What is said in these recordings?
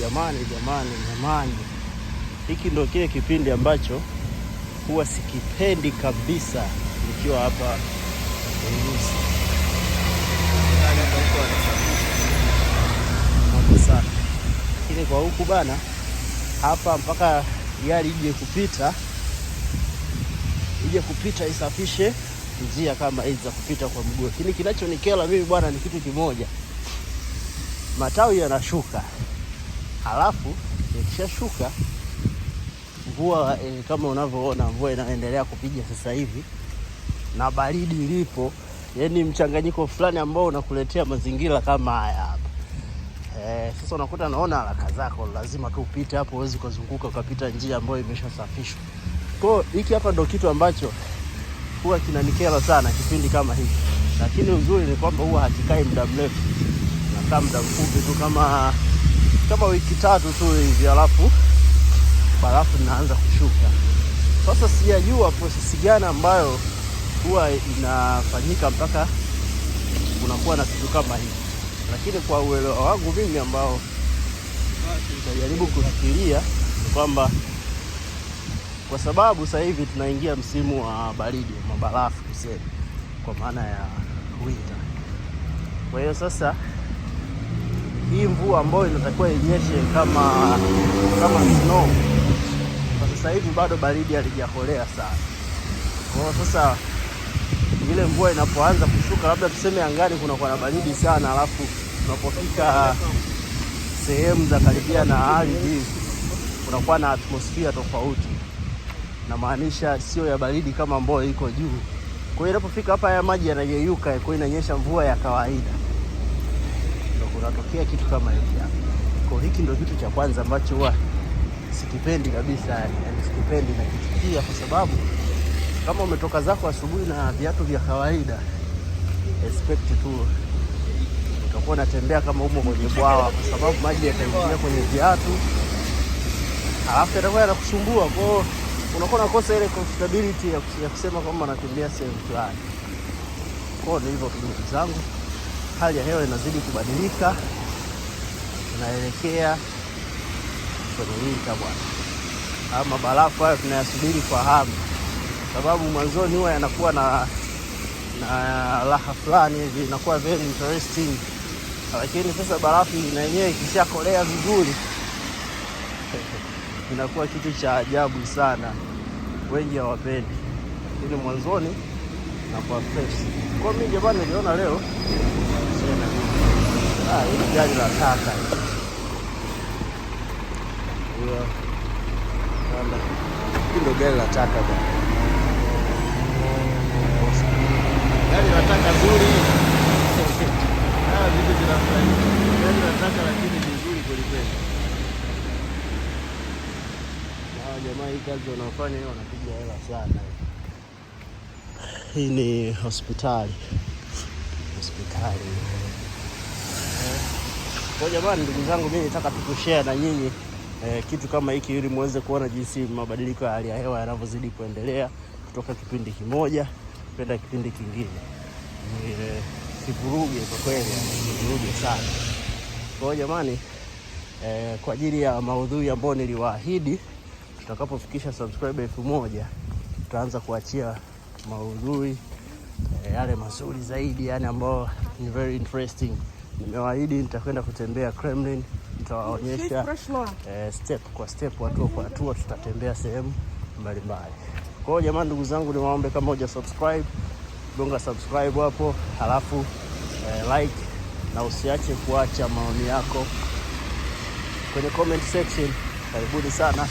Jamani, jamani, jamani, hiki ndo kile kipindi ambacho huwa sikipendi kabisa nikiwa hapa Urusi. lakini kwa huku bana, hapa mpaka gari ije kupita ije kupita isafishe njia kama hizi za kupita kwa mguu. Lakini kinachonikela mimi bwana ni kitu kimoja, matawi yanashuka halafu ikishashuka mvua e, kama unavyoona mvua inaendelea kupiga sasa hivi na baridi ilipo, yani mchanganyiko fulani ambao unakuletea mazingira kama haya hapa. E, sasa unakuta naona haraka zako, lazima tu upite hapo, huwezi kuzunguka ukapita njia ambayo imeshasafishwa. Kwa hiki hapa ndo kitu ambacho huwa kinanikera sana kipindi kama hiki, lakini uzuri ni kwamba huwa hakikai muda mrefu, nakaa muda mfupi tu kama kama wiki tatu tu hivi, halafu barafu inaanza kushuka. Sasa sijajua prosesi gani ambayo huwa inafanyika mpaka unakuwa na kitu kama hivi, lakini kwa uelewa wangu mimi ambao najaribu kufikiria kwamba kwa sababu sasa hivi tunaingia msimu wa baridi, mabarafu kusema kwa maana ya winter. Kwa hiyo sasa hii mvua ambayo inatakiwa inyeshe kama kama snow, kwa sasa hivi bado baridi halijakolea sana. Kwa sasa ile mvua inapoanza kushuka, labda tuseme angani kunakuwa na baridi sana, alafu tunapofika sehemu za karibia na ardhi kunakuwa na atmosphere tofauti, namaanisha sio ya baridi kama ambayo iko juu. Kwa hiyo inapofika hapa, haya maji yanayeyuka, kwa hiyo inanyesha mvua ya kawaida unatokea kitu kama hivi hapa. Kwa hiyo hiki ndio kitu cha kwanza ambacho huwa sikipendi kabisa, yani sikipendi na kitu kichukia, kwa sababu kama umetoka zako asubuhi na viatu vya kawaida, expect tu utakuwa unatembea kama umo kwenye bwawa, kwa sababu maji yataingia kwenye viatu, alafu yatakuwa yanakusumbua. Kwa hiyo unakuwa unakosa ile comfortability ya kusema kwamba unatembea sehemu fulani. Kwa hiyo ndivyo kitu zangu hali ya hewa inazidi kubadilika, tunaelekea kwenye winter bwana, ama barafu hayo tunayasubiri kwa hamu, sababu mwanzoni huwa yanakuwa na na raha fulani hivi, inakuwa very interesting, lakini sasa barafu na yenyewe ikishakolea vizuri inakuwa kitu cha ajabu sana, wengi hawapendi, lakini mwanzoni na kwa fresh. Kwa mimi jamani, niliona leo Ah, Hili gari la taka ndio gari la taka gari la taka zuri, ah, vitu vinafurahisha. lakini vizuri kweli kweli. Ah, jamaa hii kazi wanaofanya wanapiga hela sana. Hii ni hospitali, hospitali kwa jamani, ndugu zangu, mimi nataka tukushare na nyinyi eh, kitu kama hiki ili muweze kuona jinsi mabadiliko ya hali ya hewa yanavyozidi kuendelea kutoka kipindi kimoja kwenda kipindi kingine. Eh, sivuruge kwa kweli, sivuruge sana. Kwa jamani, eh, kwa ajili ya maudhui ambayo niliwaahidi tutakapofikisha subscribe elfu moja tutaanza kuachia maudhui eh, yale mazuri zaidi, yani ambayo ni very interesting nimewaahidi nitakwenda kutembea Kremlin, nitawaonyesha eh, step kwa step, hatua kwa hatua, tutatembea sehemu mbalimbali. Kwa hiyo jamani, ndugu zangu, niwaombe kama huja subscribe, gonga subscribe hapo, halafu eh, like na usiache kuacha maoni yako kwenye comment section. Karibuni sana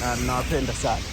na ninawapenda sana.